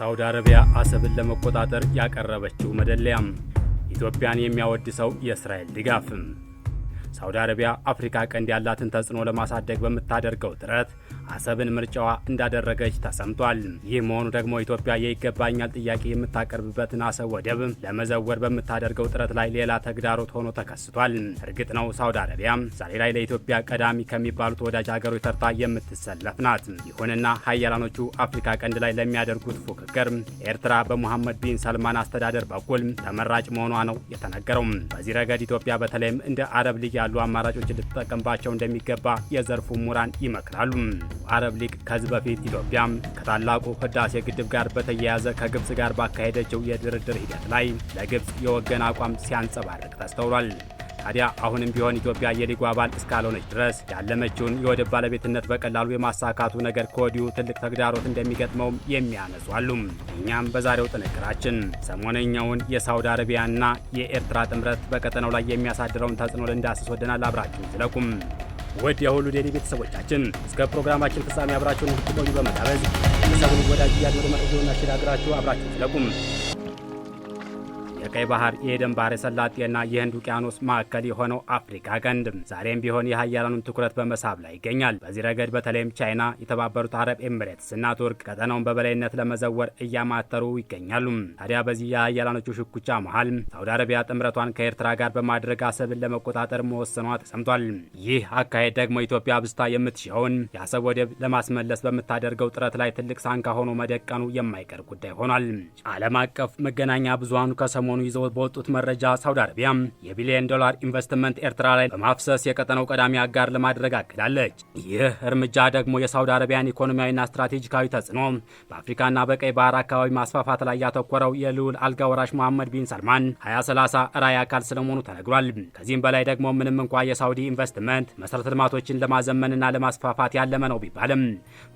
ሳውዲ አረቢያ አሰብን ለመቆጣጠር ያቀረበችው መደለያም ኢትዮጵያን የሚያወድሰው የእስራኤል ድጋፍም። ሳውዲ አረቢያ አፍሪካ ቀንድ ያላትን ተጽዕኖ ለማሳደግ በምታደርገው ጥረት አሰብን ምርጫዋ እንዳደረገች ተሰምቷል። ይህ መሆኑ ደግሞ ኢትዮጵያ የይገባኛል ጥያቄ የምታቀርብበትን አሰብ ወደብ ለመዘወር በምታደርገው ጥረት ላይ ሌላ ተግዳሮት ሆኖ ተከስቷል። እርግጥ ነው ሳውዲ አረቢያ ዛሬ ላይ ለኢትዮጵያ ቀዳሚ ከሚባሉት ወዳጅ ሀገሮች ተርታ የምትሰለፍ ናት። ይሁንና ሀያላኖቹ አፍሪካ ቀንድ ላይ ለሚያደርጉት ፉክክር ኤርትራ በሙሐመድ ቢን ሰልማን አስተዳደር በኩል ተመራጭ መሆኗ ነው የተነገረው። በዚህ ረገድ ኢትዮጵያ በተለይም እንደ አረብ ልያ ያሉ አማራጮች ልትጠቀምባቸው እንደሚገባ የዘርፉ ምሁራን ይመክራሉ። አረብ ሊግ ከዚህ በፊት ኢትዮጵያም ከታላቁ ህዳሴ ግድብ ጋር በተያያዘ ከግብፅ ጋር ባካሄደችው የድርድር ሂደት ላይ ለግብፅ የወገን አቋም ሲያንጸባርቅ ተስተውሏል። ታዲያ አሁንም ቢሆን ኢትዮጵያ የሊጉ አባል እስካልሆነች ድረስ ያለመችውን የወደብ ባለቤትነት በቀላሉ የማሳካቱ ነገር ከወዲሁ ትልቅ ተግዳሮት እንደሚገጥመውም የሚያነሱ አሉ። እኛም በዛሬው ጥንቅራችን ሰሞነኛውን የሳውዲ አረቢያና የኤርትራ ጥምረት በቀጠናው ላይ የሚያሳድረውን ተጽዕኖ ልንዳስስ ወደናል። አብራችሁ ዝለቁም። ውድ የሁሉ ዴይሊ ቤተሰቦቻችን እስከ ፕሮግራማችን ፍጻሜ አብራችሁን እንድትቆዩ በመጋበዝ ሰቡን ወዳጅ እያደሩ መረጃውን አሸጋግራችሁ አብራችሁ ዝለቁም። በቀይ ባህር፣ የኤደን ባህረ ሰላጤና የህንድ ውቅያኖስ ማዕከል የሆነው አፍሪካ ቀንድ ዛሬም ቢሆን የሀያላኑን ትኩረት በመሳብ ላይ ይገኛል። በዚህ ረገድ በተለይም ቻይና፣ የተባበሩት አረብ ኤምሬትስ እና ቱርክ ቀጠናውን በበላይነት ለመዘወር እያማተሩ ይገኛሉ። ታዲያ በዚህ የሀያላኖቹ ሽኩቻ መሃል ሳውዲ አረቢያ ጥምረቷን ከኤርትራ ጋር በማድረግ አሰብን ለመቆጣጠር መወሰኗ ተሰምቷል። ይህ አካሄድ ደግሞ ኢትዮጵያ ብስታ የምትሻውን የአሰብ ወደብ ለማስመለስ በምታደርገው ጥረት ላይ ትልቅ ሳንካ ሆኖ መደቀኑ የማይቀር ጉዳይ ሆኗል። ዓለም አቀፍ መገናኛ ብዙሀኑ ከሰሞኑ ባለስልጣኑ ይዘው በወጡት መረጃ ሳውዲ አረቢያ የቢሊዮን ዶላር ኢንቨስትመንት ኤርትራ ላይ በማፍሰስ የቀጠናው ቀዳሚ አጋር ለማድረግ አቅዳለች። ይህ እርምጃ ደግሞ የሳውዲ አረቢያን ኢኮኖሚያዊና ስትራቴጂካዊ ተጽዕኖ በአፍሪካና በቀይ ባህር አካባቢ ማስፋፋት ላይ ያተኮረው የልዑል አልጋ ወራሽ መሐመድ ቢን ሰልማን 2030 ራዕይ አካል ስለመሆኑ ተነግሯል። ከዚህም በላይ ደግሞ ምንም እንኳ የሳውዲ ኢንቨስትመንት መሰረተ ልማቶችን ለማዘመንና ለማስፋፋት ያለመ ነው ቢባልም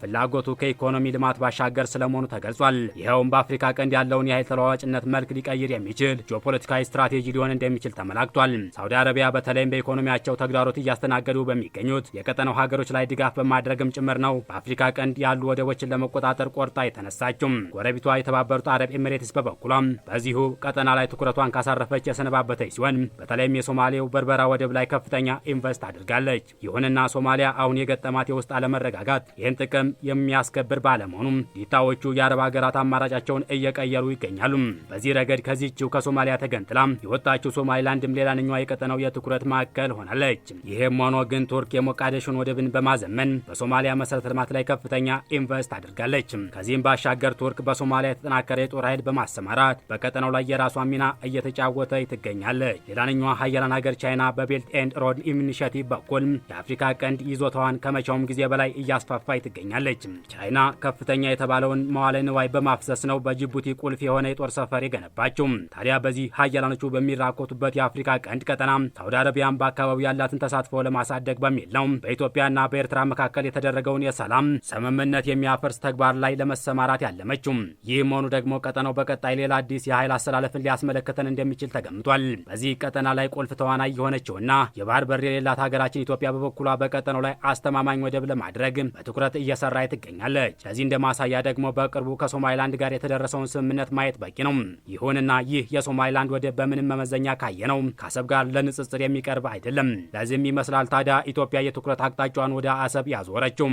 ፍላጎቱ ከኢኮኖሚ ልማት ባሻገር ስለመሆኑ ተገልጿል። ይኸውም በአፍሪካ ቀንድ ያለውን የኃይል ተለዋዋጭነት መልክ ሊቀይር የሚችል ክልል ጂኦፖለቲካዊ ስትራቴጂ ሊሆን እንደሚችል ተመላክቷል። ሳውዲ አረቢያ በተለይም በኢኮኖሚያቸው ተግዳሮት እያስተናገዱ በሚገኙት የቀጠናው ሀገሮች ላይ ድጋፍ በማድረግም ጭምር ነው በአፍሪካ ቀንድ ያሉ ወደቦችን ለመቆጣጠር ቆርጣ የተነሳችም። ጎረቤቷ የተባበሩት አረብ ኤምሬትስ በበኩሏም በዚሁ ቀጠና ላይ ትኩረቷን ካሳረፈች የሰነባበተች ሲሆን በተለይም የሶማሌው በርበራ ወደብ ላይ ከፍተኛ ኢንቨስት አድርጋለች። ይሁንና ሶማሊያ አሁን የገጠማት የውስጥ አለመረጋጋት ይህን ጥቅም የሚያስከብር ባለመሆኑም ዲታዎቹ የአረብ ሀገራት አማራጫቸውን እየቀየሩ ይገኛሉ። በዚህ ረገድ ከዚህችው ከሶማሊያ ተገንጥላ የወጣችው ሶማሊላንድም ሌላኛዋ የቀጠናው የትኩረት ማዕከል ሆናለች። ይህም ሆኖ ግን ቱርክ የሞቃዲሾን ወደብን በማዘመን በሶማሊያ መሰረተ ልማት ላይ ከፍተኛ ኢንቨስት አድርጋለች። ከዚህም ባሻገር ቱርክ በሶማሊያ የተጠናከረ የጦር ኃይል በማሰማራት በቀጠናው ላይ የራሷ ሚና እየተጫወተ ትገኛለች። ሌላኛዋ ሀያላን ሀገር ቻይና በቤልት ኤንድ ሮድ ኢኒሽቲቭ በኩል የአፍሪካ ቀንድ ይዞታዋን ከመቼውም ጊዜ በላይ እያስፋፋ ትገኛለች። ቻይና ከፍተኛ የተባለውን መዋለ ንዋይ በማፍሰስ ነው በጅቡቲ ቁልፍ የሆነ የጦር ሰፈር የገነባችው። ታዲያ ታዲያ በዚህ ሀያላኖቹ በሚራኮቱበት የአፍሪካ ቀንድ ቀጠና ሳውዲ አረቢያን በአካባቢው ያላትን ተሳትፎ ለማሳደግ በሚል ነው በኢትዮጵያና በኤርትራ መካከል የተደረገውን የሰላም ስምምነት የሚያፈርስ ተግባር ላይ ለመሰማራት ያለመችው። ይህ መሆኑ ደግሞ ቀጠናው በቀጣይ ሌላ አዲስ የኃይል አሰላለፍን ሊያስመለክተን እንደሚችል ተገምቷል። በዚህ ቀጠና ላይ ቁልፍ ተዋናይ የሆነችውና የባህር በር የሌላት ሀገራችን ኢትዮጵያ በበኩሏ በቀጠናው ላይ አስተማማኝ ወደብ ለማድረግ በትኩረት እየሰራ ትገኛለች። ለዚህ እንደማሳያ ደግሞ በቅርቡ ከሶማሊላንድ ጋር የተደረሰውን ስምምነት ማየት በቂ ነው። ይሁንና ይህ የሶማሊላንድ ወደብ በምንም መመዘኛ ካየ ነው ከአሰብ ጋር ለንጽጽር የሚቀርብ አይደለም። ለዚህም ይመስላል ታዲያ ኢትዮጵያ የትኩረት አቅጣጫዋን ወደ አሰብ ያዞረችው።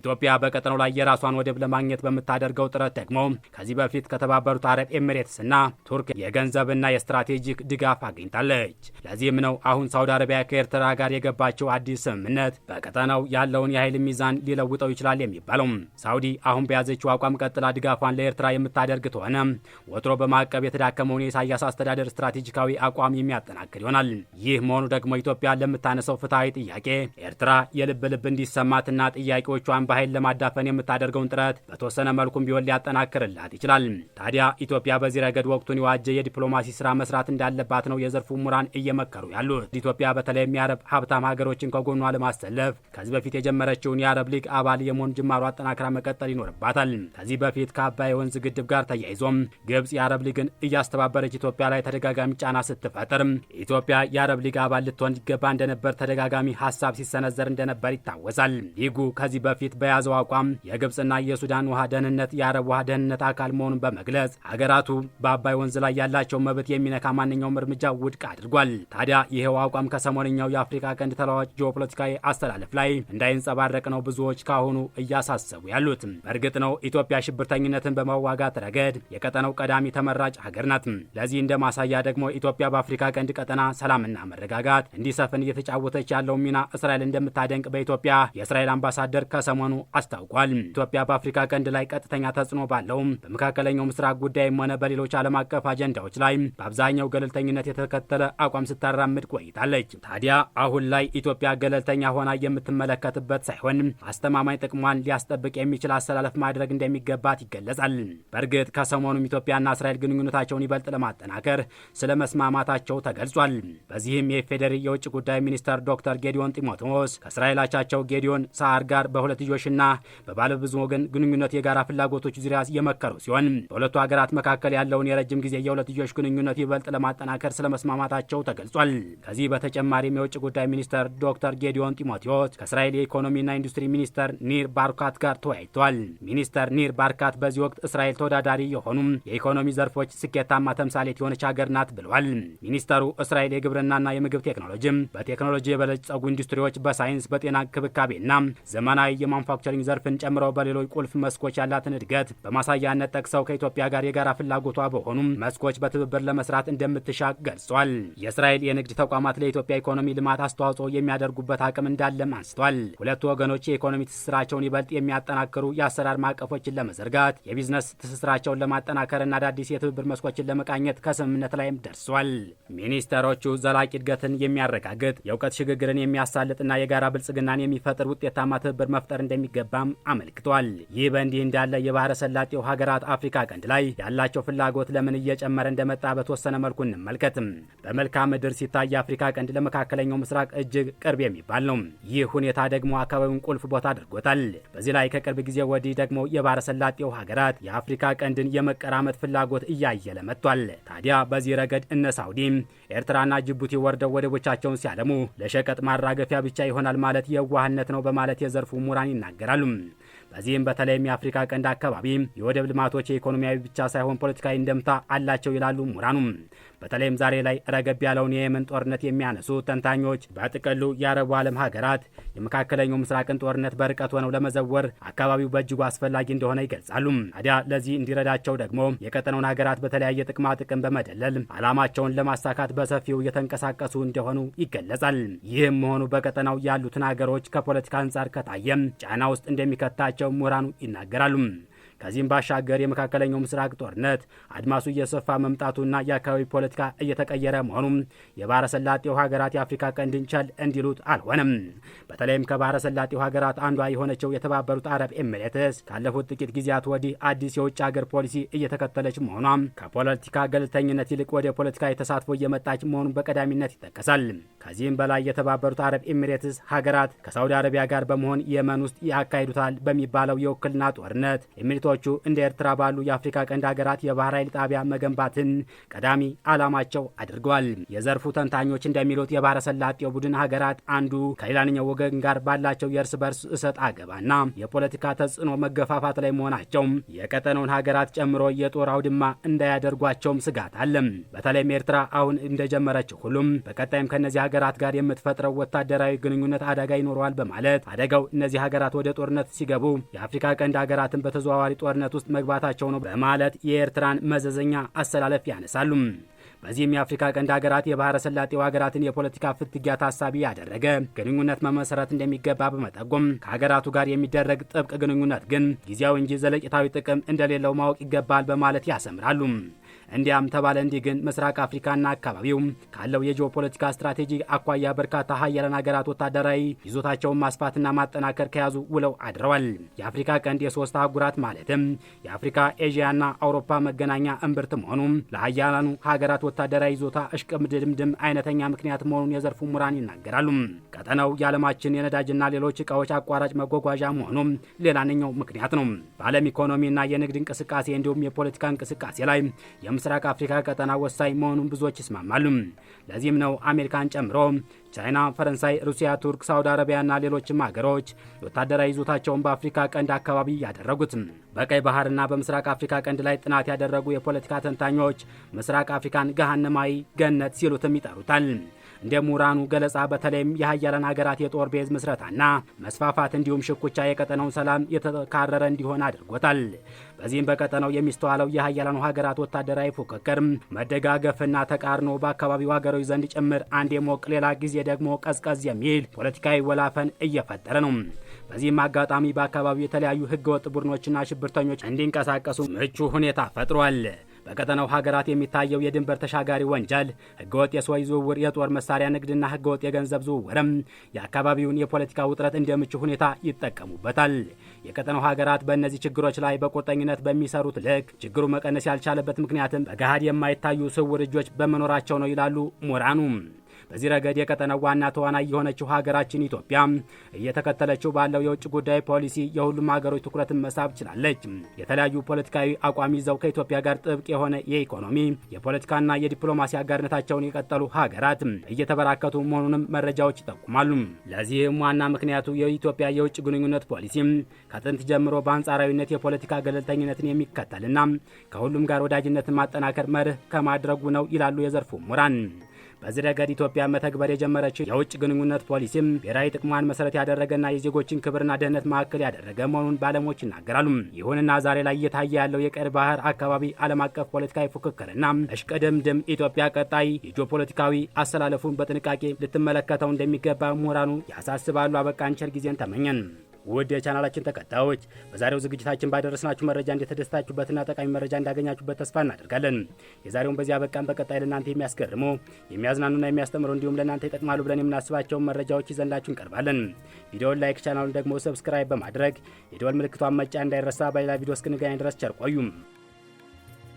ኢትዮጵያ በቀጠናው ላይ የራሷን ወደብ ለማግኘት በምታደርገው ጥረት ደግሞ ከዚህ በፊት ከተባበሩት አረብ ኤሚሬትስና እና ቱርክ የገንዘብና የስትራቴጂክ ድጋፍ አግኝታለች። ለዚህም ነው አሁን ሳውዲ አረቢያ ከኤርትራ ጋር የገባቸው አዲስ ስምምነት በቀጠናው ያለውን የኃይል ሚዛን ሊለውጠው ይችላል የሚባለው። ሳውዲ አሁን በያዘችው አቋም ቀጥላ ድጋፏን ለኤርትራ የምታደርግ ተሆነ ወትሮ በማዕቀብ የተዳከመውን የኢሳያስ አስተዳደር ስትራቴጂካዊ አቋም የሚያጠናክር ይሆናል። ይህ መሆኑ ደግሞ ኢትዮጵያ ለምታነሰው ፍትሐዊ ጥያቄ ኤርትራ የልብ ልብ እንዲሰማትና ጥያቄዎቿን በኃይል ለማዳፈን የምታደርገውን ጥረት በተወሰነ መልኩም ቢሆን ሊያጠናክርላት ይችላል። ታዲያ ኢትዮጵያ በዚህ ረገድ ወቅቱን የዋጀ የዲፕሎማሲ ስራ መስራት እንዳለባት ነው የዘርፉ ምሁራን እየመከሩ ያሉት። ኢትዮጵያ በተለይም የአረብ ሀብታም ሀገሮችን ከጎኗ ለማሰለፍ ከዚህ በፊት የጀመረችውን የአረብ ሊግ አባል የመሆን ጅማሮ አጠናክራ መቀጠል ይኖርባታል። ከዚህ በፊት ከአባይ ወንዝ ግድብ ጋር ተያይዞም ግብጽ የአረብ ሊግን እያስተባበ በነበረች ኢትዮጵያ ላይ ተደጋጋሚ ጫና ስትፈጥር ኢትዮጵያ የአረብ ሊግ አባል ልትሆን ይገባ እንደነበር ተደጋጋሚ ሀሳብ ሲሰነዘር እንደነበር ይታወሳል። ሊጉ ከዚህ በፊት በያዘው አቋም የግብፅና የሱዳን ውሃ ደህንነት የአረብ ውሃ ደህንነት አካል መሆኑን በመግለጽ ሀገራቱ በአባይ ወንዝ ላይ ያላቸው መብት የሚነካ ማንኛውም እርምጃ ውድቅ አድርጓል። ታዲያ ይሄው አቋም ከሰሞነኛው የአፍሪካ ቀንድ ተለዋዋጭ ጂኦፖለቲካዊ አስተላለፍ ላይ እንዳይንጸባረቅ ነው ብዙዎች ካሁኑ እያሳሰቡ ያሉት። በእርግጥ ነው ኢትዮጵያ ሽብርተኝነትን በመዋጋት ረገድ የቀጠነው ቀዳሚ ተመራጭ ሀገር ናት። ለዚህ እንደ ማሳያ ደግሞ ኢትዮጵያ በአፍሪካ ቀንድ ቀጠና ሰላምና መረጋጋት እንዲሰፍን እየተጫወተች ያለው ሚና እስራኤል እንደምታደንቅ በኢትዮጵያ የእስራኤል አምባሳደር ከሰሞኑ አስታውቋል። ኢትዮጵያ በአፍሪካ ቀንድ ላይ ቀጥተኛ ተጽዕኖ ባለውም በመካከለኛው ምስራቅ ጉዳይም ሆነ በሌሎች ዓለም አቀፍ አጀንዳዎች ላይ በአብዛኛው ገለልተኝነት የተከተለ አቋም ስታራምድ ቆይታለች። ታዲያ አሁን ላይ ኢትዮጵያ ገለልተኛ ሆና የምትመለከትበት ሳይሆን አስተማማኝ ጥቅሟን ሊያስጠብቅ የሚችል አሰላለፍ ማድረግ እንደሚገባት ይገለጻል። በእርግጥ ከሰሞኑም ኢትዮጵያና እስራኤል ግንኙነታቸውን ይበልጥ ለማጠናከር ስለ መስማማታቸው ተገልጿል። በዚህም የኢፌዴሪ የውጭ ጉዳይ ሚኒስተር ዶክተር ጌዲዮን ጢሞቴዎስ ከእስራኤላቻቸው ጌዲዮን ሳአር ጋር በሁለትዮሽና በባለብዙ ወገን ግንኙነት የጋራ ፍላጎቶች ዙሪያ የመከሩ ሲሆን በሁለቱ ሀገራት መካከል ያለውን የረጅም ጊዜ የሁለትዮሽ ግንኙነት ይበልጥ ለማጠናከር ስለ መስማማታቸው ተገልጿል። ከዚህ በተጨማሪም የውጭ ጉዳይ ሚኒስተር ዶክተር ጌዲዮን ጢሞቴዎስ ከእስራኤል የኢኮኖሚና ኢንዱስትሪ ሚኒስተር ኒር ባርካት ጋር ተወያይተዋል። ሚኒስተር ኒር ባርካት በዚህ ወቅት እስራኤል ተወዳዳሪ የሆኑም የኢኮኖሚ ዘርፎች ስኬታማ ተምሳሌት የሆነች ሀገር ናት ብለዋል ሚኒስተሩ። እስራኤል የግብርናና የምግብ ቴክኖሎጂም በቴክኖሎጂ የበለጸጉ ኢንዱስትሪዎች በሳይንስ በጤና እንክብካቤና ዘመናዊ የማኑፋክቸሪንግ ዘርፍን ጨምረው በሌሎች ቁልፍ መስኮች ያላትን እድገት በማሳያነት ጠቅሰው ከኢትዮጵያ ጋር የጋራ ፍላጎቷ በሆኑም መስኮች በትብብር ለመስራት እንደምትሻ ገልጿል። የእስራኤል የንግድ ተቋማት ለኢትዮጵያ ኢኮኖሚ ልማት አስተዋጽኦ የሚያደርጉበት አቅም እንዳለም አንስቷል። ሁለቱ ወገኖች የኢኮኖሚ ትስስራቸውን ይበልጥ የሚያጠናክሩ የአሰራር ማዕቀፎችን ለመዘርጋት የቢዝነስ ትስስራቸውን ለማጠናከርና አዳዲስ የትብብር መስኮችን ለመቃ ለመቃኘት ከስምምነት ላይም ደርሷል። ሚኒስተሮቹ ዘላቂ እድገትን የሚያረጋግጥ የእውቀት ሽግግርን የሚያሳልጥና የጋራ ብልጽግናን የሚፈጥር ውጤታማ ትብብር መፍጠር እንደሚገባም አመልክቷል። ይህ በእንዲህ እንዳለ የባህረ ሰላጤው ሀገራት አፍሪካ ቀንድ ላይ ያላቸው ፍላጎት ለምን እየጨመረ እንደመጣ በተወሰነ መልኩ እንመልከትም። በመልካም ምድር ሲታይ የአፍሪካ ቀንድ ለመካከለኛው ምስራቅ እጅግ ቅርብ የሚባል ነው። ይህ ሁኔታ ደግሞ አካባቢውን ቁልፍ ቦታ አድርጎታል። በዚህ ላይ ከቅርብ ጊዜ ወዲህ ደግሞ የባህረ ሰላጤው ሀገራት የአፍሪካ ቀንድን የመቀራመጥ ፍላጎት እያየለ መጥቷል። ይገኛል። ታዲያ በዚህ ረገድ እነ ኤርትራና ጅቡቲ ወርደው ወደቦቻቸውን ሲያለሙ ለሸቀጥ ማራገፊያ ብቻ ይሆናል ማለት የዋህነት ነው በማለት የዘርፉ ምሁራን ይናገራሉ። በዚህም በተለይም የአፍሪካ ቀንድ አካባቢ የወደብ ልማቶች የኢኮኖሚያዊ ብቻ ሳይሆን ፖለቲካዊ እንደምታ አላቸው ይላሉ ምሁራኑ። በተለይም ዛሬ ላይ ረገብ ያለውን የየመን ጦርነት የሚያነሱ ተንታኞች በጥቅሉ የአረቡ ዓለም ሀገራት የመካከለኛው ምስራቅን ጦርነት በርቀት ሆነው ለመዘወር አካባቢው በእጅጉ አስፈላጊ እንደሆነ ይገልጻሉ። ታዲያ ለዚህ እንዲረዳቸው ደግሞ የቀጠናውን ሀገራት በተለያየ ጥቅማ ጥቅም በመደለል ዓላማቸውን ለማሳካት በሰፊው እየተንቀሳቀሱ እንደሆኑ ይገለጻል። ይህም መሆኑ በቀጠናው ያሉትን ሀገሮች ከፖለቲካ አንጻር ከታየም ጫና ውስጥ እንደሚከታቸው ምሁራኑ ይናገራሉ። ከዚህም ባሻገር የመካከለኛው ምስራቅ ጦርነት አድማሱ እየሰፋ መምጣቱና የአካባቢ ፖለቲካ እየተቀየረ መሆኑም የባህረ ሰላጤው ሀገራት የአፍሪካ ቀንድን ቸል እንዲሉት አልሆነም። በተለይም ከባህረ ሰላጤው ሀገራት አንዷ የሆነችው የተባበሩት አረብ ኤምሬትስ ካለፉት ጥቂት ጊዜያት ወዲህ አዲስ የውጭ ሀገር ፖሊሲ እየተከተለች መሆኗም ከፖለቲካ ገለልተኝነት ይልቅ ወደ ፖለቲካ የተሳትፎ እየመጣች መሆኑን በቀዳሚነት ይጠቀሳል። ከዚህም በላይ የተባበሩት አረብ ኤሚሬትስ ሀገራት ከሳውዲ አረቢያ ጋር በመሆን የመን ውስጥ ያካሂዱታል በሚባለው የውክልና ጦርነት ድርጅቶቹ እንደ ኤርትራ ባሉ የአፍሪካ ቀንድ ሀገራት የባህር ኃይል ጣቢያ መገንባትን ቀዳሚ ዓላማቸው አድርገዋል። የዘርፉ ተንታኞች እንደሚሉት የባህረ ሰላጤው ቡድን ሀገራት አንዱ ከሌላኛው ወገን ጋር ባላቸው የእርስ በርስ እሰጥ አገባና የፖለቲካ ተጽዕኖ መገፋፋት ላይ መሆናቸው የቀጠናውን ሀገራት ጨምሮ የጦር አውድማ እንዳያደርጓቸውም ስጋት አለ። በተለይም ኤርትራ አሁን እንደጀመረችው ሁሉም በቀጣይም ከእነዚህ ሀገራት ጋር የምትፈጥረው ወታደራዊ ግንኙነት አደጋ ይኖረዋል በማለት አደጋው እነዚህ ሀገራት ወደ ጦርነት ሲገቡ የአፍሪካ ቀንድ ሀገራትን በተዘዋዋሪ ጦርነት ውስጥ መግባታቸው ነው በማለት የኤርትራን መዘዘኛ አሰላለፍ ያነሳሉ። በዚህም የአፍሪካ ቀንድ ሀገራት የባህረ ሰላጤው ሀገራትን የፖለቲካ ፍትጊያ ታሳቢ ያደረገ ግንኙነት መመሰረት እንደሚገባ በመጠቆም ከሀገራቱ ጋር የሚደረግ ጥብቅ ግንኙነት ግን ጊዜያዊ እንጂ ዘለቂታዊ ጥቅም እንደሌለው ማወቅ ይገባል በማለት ያሰምራሉ። እንዲያም ተባለ እንዲህ ግን ምስራቅ አፍሪካና አካባቢው ካለው የጂኦ ፖለቲካ ስትራቴጂ አኳያ በርካታ ሀያላን ሀገራት ወታደራዊ ይዞታቸውን ማስፋትና ማጠናከር ከያዙ ውለው አድረዋል። የአፍሪካ ቀንድ የሶስት አህጉራት ማለትም የአፍሪካ ኤዥያና አውሮፓ መገናኛ እምብርት መሆኑ ለሀያላኑ ሀገራት ወታደራዊ ይዞታ እሽቅድምድም አይነተኛ ምክንያት መሆኑን የዘርፉ ምሁራን ይናገራሉ። ቀጠናው የዓለማችን የነዳጅና ሌሎች እቃዎች አቋራጭ መጓጓዣ መሆኑ ሌላኛው ምክንያት ነው። በዓለም ኢኮኖሚና የንግድ እንቅስቃሴ እንዲሁም የፖለቲካ እንቅስቃሴ ላይ በምስራቅ አፍሪካ ቀጠና ወሳኝ መሆኑን ብዙዎች ይስማማሉ። ለዚህም ነው አሜሪካን ጨምሮ ቻይና፣ ፈረንሳይ፣ ሩሲያ፣ ቱርክ፣ ሳውዲ አረቢያና ሌሎችም ሀገሮች ወታደራዊ ይዞታቸውን በአፍሪካ ቀንድ አካባቢ ያደረጉት። በቀይ ባህርና በምስራቅ አፍሪካ ቀንድ ላይ ጥናት ያደረጉ የፖለቲካ ተንታኞች ምስራቅ አፍሪካን ገሃነማዊ ገነት ሲሉትም ይጠሩታል። እንደ ምሁራኑ ገለጻ በተለይም የሀያላን ሀገራት የጦር ቤዝ ምስረታና መስፋፋት እንዲሁም ሽኩቻ የቀጠናውን ሰላም የተካረረ እንዲሆን አድርጎታል። በዚህም በቀጠናው የሚስተዋለው የሀያላኑ ሀገራት ወታደራዊ ፉክክር፣ መደጋገፍና ተቃርኖ በአካባቢው ሀገሮች ዘንድ ጭምር አንዴ ሞቅ ሌላ ጊዜ ደግሞ ቀዝቀዝ የሚል ፖለቲካዊ ወላፈን እየፈጠረ ነው። በዚህም አጋጣሚ በአካባቢው የተለያዩ ህገወጥ ቡድኖችና ሽብርተኞች እንዲንቀሳቀሱ ምቹ ሁኔታ ፈጥሯል። በቀጠናው ሀገራት የሚታየው የድንበር ተሻጋሪ ወንጀል፣ ህገወጥ የሰዎች ዝውውር፣ የጦር መሳሪያ ንግድና ህገወጥ የገንዘብ ዝውውርም የአካባቢውን የፖለቲካ ውጥረት እንደምቹ ሁኔታ ይጠቀሙበታል። የቀጠናው ሀገራት በእነዚህ ችግሮች ላይ በቁርጠኝነት በሚሰሩት ልክ ችግሩ መቀነስ ያልቻለበት ምክንያትም በገሃድ የማይታዩ ስውር እጆች በመኖራቸው ነው ይላሉ ሞራኑ በዚህ ረገድ የቀጠናው ዋና ተዋናይ የሆነችው ሀገራችን ኢትዮጵያ እየተከተለችው ባለው የውጭ ጉዳይ ፖሊሲ የሁሉም ሀገሮች ትኩረትን መሳብ ችላለች። የተለያዩ ፖለቲካዊ አቋም ይዘው ከኢትዮጵያ ጋር ጥብቅ የሆነ የኢኮኖሚ የፖለቲካና የዲፕሎማሲ አጋርነታቸውን የቀጠሉ ሀገራት እየተበራከቱ መሆኑንም መረጃዎች ይጠቁማሉ። ለዚህም ዋና ምክንያቱ የኢትዮጵያ የውጭ ግንኙነት ፖሊሲ ከጥንት ጀምሮ በአንጻራዊነት የፖለቲካ ገለልተኝነትን የሚከተልና ከሁሉም ጋር ወዳጅነትን ማጠናከር መርህ ከማድረጉ ነው ይላሉ የዘርፉ ምሁራን። በዚህ ረገድ ኢትዮጵያ መተግበር የጀመረችው የውጭ ግንኙነት ፖሊሲም ብሔራዊ ጥቅሟን መሰረት ያደረገና የዜጎችን ክብርና ደህንነት ማዕከል ያደረገ መሆኑን ባለሙያዎች ይናገራሉ። ይሁንና ዛሬ ላይ እየታየ ያለው የቀይ ባህር አካባቢ ዓለም አቀፍ ፖለቲካዊ ፉክክርና እሽቅድምድም ኢትዮጵያ ቀጣይ የጂኦፖለቲካዊ አሰላለፉን በጥንቃቄ ልትመለከተው እንደሚገባ ምሁራኑ ያሳስባሉ። አበቃ። ጊዜን ተመኘን። ውድ የቻናላችን ተከታዮች በዛሬው ዝግጅታችን ባደረስናችሁ መረጃ እንደተደስታችሁበትና ጠቃሚ መረጃ እንዳገኛችሁበት ተስፋ እናደርጋለን። የዛሬውን በዚያ አበቃን። በቀጣይ ለእናንተ የሚያስገርሙ የሚያዝናኑና የሚያስተምሩ እንዲሁም ለእናንተ ይጠቅማሉ ብለን የምናስባቸውን መረጃዎች ይዘንላችሁ እንቀርባለን። ቪዲዮውን ላይክ፣ ቻናሉን ደግሞ ሰብስክራይብ በማድረግ የደወል ምልክቷን መጫ እንዳይረሳ። በሌላ ቪዲዮ እስክንገናኝ ድረስ ቸር ቆዩም።